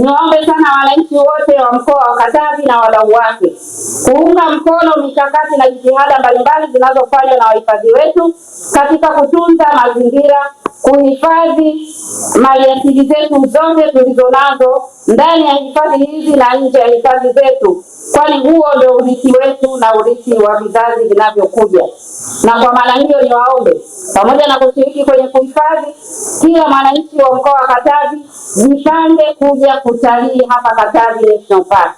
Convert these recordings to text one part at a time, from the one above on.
Niwaombe sana wananchi wote wa mkoa wa Katavi na wadau wake kuunga mkono mikakati na jitihada mbalimbali zinazofanywa na wahifadhi wetu katika kutunza mazingira, kuhifadhi maliasili zetu zote tulizonazo ndani ya hifadhi hizi na nje ya hifadhi zetu, kwani huo ndio urithi wetu na urithi wa vizazi vinavyokuja. Na kwa maana hiyo ni waombe pamoja na kushiriki kwenye kuhifadhi, kila mwananchi wa mkoa wa Katavi jipange kuja kutalii hapa Katavi National Park.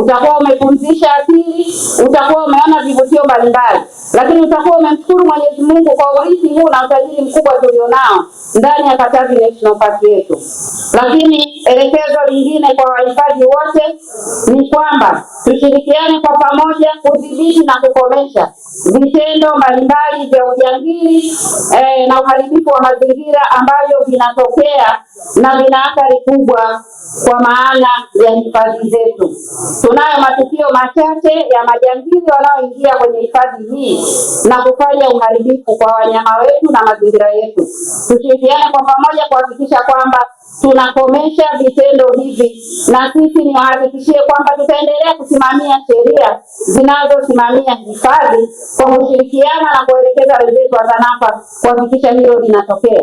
Utakuwa umepumzisha akili, utakuwa umeona vivutio mbalimbali, lakini utakuwa umemshukuru Mwenyezi Mungu kwa matajiri mkubwa tulionao ndani ya Katavi National Park yetu. Lakini elekezo lingine kwa wahifadhi wote ni kwamba tushirikiane kwa pamoja kudhibiti na kukomesha vitendo mbalimbali vya ujangili eh, na uharibifu wa mazingira ambavyo vinatokea na vina athari kubwa kwa maana ya hifadhi zetu. Tunayo matukio machache ya majangili wanaoingia kwenye hifadhi hii na kufanya uharibifu kwa wanyama wetu na mazingira yetu. Tushirikiane kwa pamoja kuhakikisha kwamba tunakomesha vitendo hivi, na sisi niwahakikishie kwamba tutaendelea kusimamia sheria zinazosimamia hifadhi kwa kushirikiana na kuelekeza wenzetu wa TANAPA kuhakikisha hilo linatokea.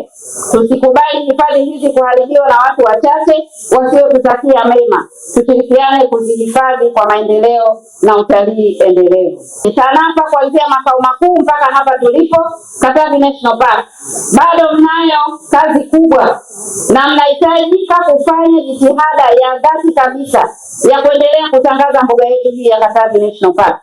Tusikubali hifadhi hizi kuharibiwa na watu wachache wasiotutakia mema, tushirikiane kuzihifadhi kwa maendeleo na utalii endelevu. TANAPA kuanzia makao makuu mpaka hapa tulipo Katavi National Park, bado mnayo kazi kubwa na tunahitajika kufanya jitihada ya dhati kabisa ya kuendelea kutangaza mbuga yetu hii ya Katavi National Park.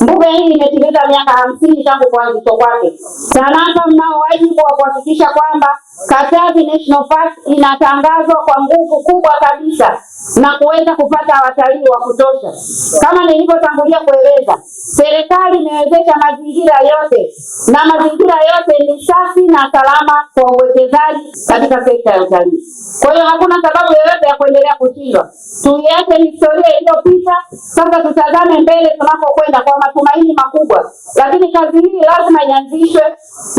Mbuga hii imetimiza miaka hamsini tangu kuanzishwa kwake. Tanasa mnao wajibu wa kuhakikisha kwamba Katavi National Park inatangazwa kwa nguvu kubwa kabisa na kuweza kupata watalii wa kutosha. Kama nilivyotangulia kueleza, serikali imewezesha mazingira yote na mazingira yote ni safi na salama kwa uwekezaji katika sekta ya utalii. Kwa hiyo hakuna sababu yoyote ya kuendelea kushindwa. Tuiache historia iliyopita, sasa tutazame mbele tunapokwenda kwa matumaini makubwa, lakini kazi hii lazima ianzishwe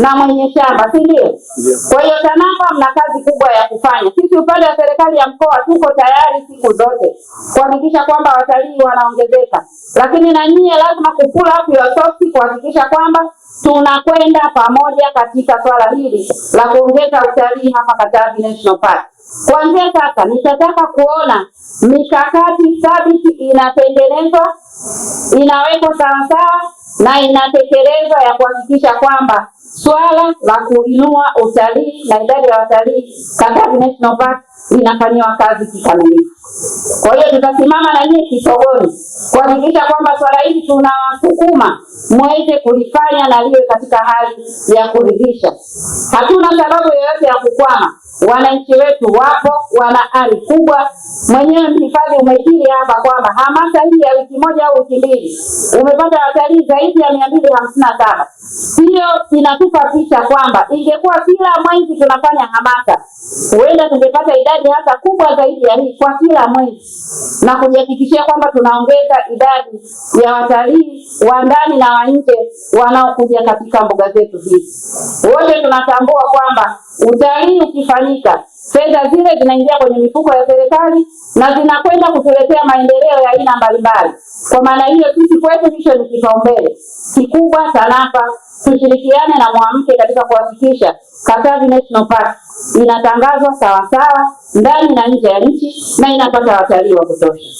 na mwenye shamba, si ndio? Kwa hiyo TANAPA mna kazi kubwa ya kufanya. Sisi upande wa serikali ya mkoa tuko tayari siku zote kuhakikisha kwamba watalii wanaongezeka, lakini na nyie lazima kupula up your socks kuhakikisha kwamba tunakwenda pamoja katika swala hili la kuongeza utalii hapa Katavi National Park. Kuanzia sasa nitataka kuona mikakati thabiti inatengenezwa, inawekwa sawasawa na inatekelezwa ya kuhakikisha kwamba Soit là, la courir, il hein, au a sali, la tête de la sali, ça ne va pas être pas. inafanyiwa kazi kikamilifu. Kwa hiyo tutasimama na nyinyi kisogoni kuhakikisha kwamba swala hili tunawasukuma mweze kulifanya na liwe katika hali ya kuridhisha. Hatuna sababu yoyote ya kukwama. Wananchi wetu wapo, wana ari kubwa. Mwenyewe mhifadhi umekiri hapa kwamba hamasa hii ya wiki moja au wiki mbili umepata watalii zaidi ya mia mbili hamsini na saba. Hiyo inatupa picha kwamba ingekuwa kila mwezi tunafanya hamasa, huenda tungepata idadi idadi hasa kubwa zaidi ya hii kwa kila mwezi, na kujihakikishia kwamba tunaongeza idadi ya watalii wa ndani na wa nje wanaokuja katika mbuga zetu hizi. Wote tunatambua kwamba utalii ukifanyika fedha zile zinaingia kwenye mifuko ya serikali na zinakwenda kutuletea maendeleo ya aina mbalimbali. Kwa maana hiyo, sisi kwetu hicho ni kipaumbele kikubwa. TANAPA tushirikiane na Mwamke katika kuhakikisha Katavi National Park inatangazwa sawasawa ndani na nje ya nchi na inapata watalii wa kutosha.